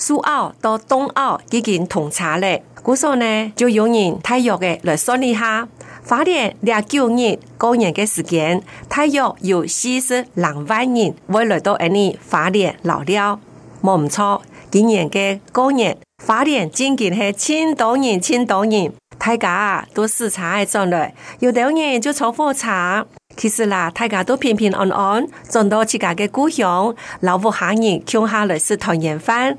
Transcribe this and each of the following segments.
蘇澳到東澳已經通車古故候呢，就用人太育的來算一下。花蓮廿九年過年的時間，太育有四十兩萬人會來到呢花蓮老了，沒唔錯。今年的過年花蓮僅僅係千多人，千多人，大家、啊、都視察嘅狀來，有的人就坐火車。其實啦，大家都平平安安，轉到自家的故鄉，老父下年鄉下來食團圓飯。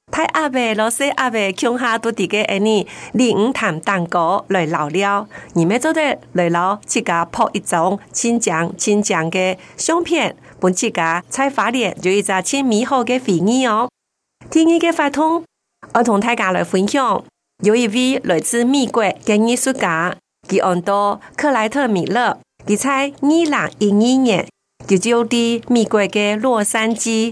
睇阿貝老師，阿伯、鄉下都自己呢，練五糖蛋糕來留料，而咩做得嚟攞，自家拍一種親像親像的相片，本自家採發連，就一個親美好的回憶哦。第二個發通，我同大家來分享，有一位來自美國的藝術家，吉安多克萊特米勒，佢在二零一二年就住喺美國的洛杉磯。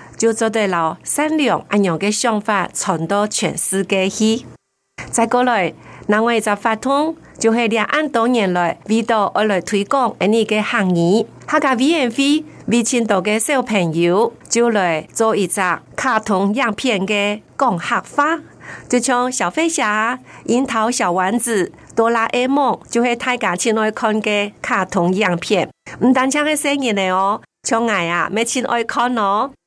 就做對了，善良啊樣的想法傳到全世界去。再過來，另外一隻法通，就係兩岸多年來，味道我來推廣呢個行業。客家委員會為前度嘅小朋友，就來做一隻卡通樣片嘅講學法，就像小飛俠、櫻桃小丸子、哆啦 A 夢，就係大家親愛看嘅卡通樣片。唔單唱個聲音嚟哦，像 𠊎 啊，沒前愛看哦。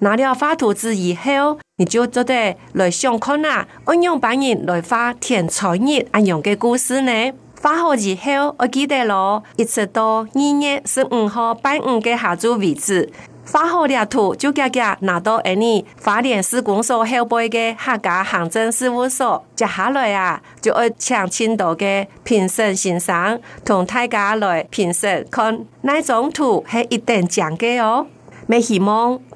拿了發圖紙以後，你就坐低來上課啦。安樣扮演來發填菜葉安樣嘅故事呢？發好以後，我記得咯，一直到二月十五號，拜五嘅下晝為止。發好了圖就家家拿到你花蓮施工所後背嘅客家行政事務所接下來啊，就要請青島嘅評審先生同大家來評審，看哪種圖係一定正確哦，未希望。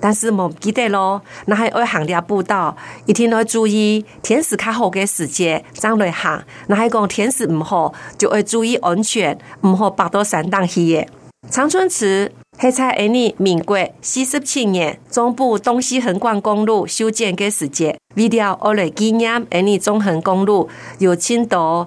但是冇記得咯，那還要行的步道一定要注意。天時較好嘅時節，上來行，那還講天時唔好，就會注意安全，唔好跑到山檔去嘅。長春池黑彩，而你民國四十七年中部東西橫貫公路修建嘅時節，為了學來紀念而你中橫公路有青島。